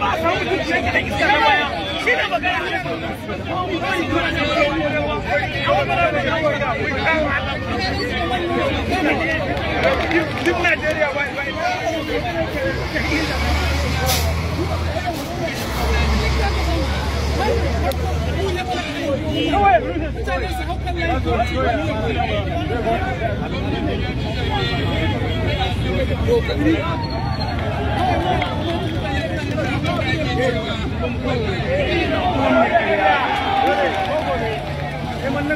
ba a samu zuciyar da iskar na baya shi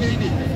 Kini.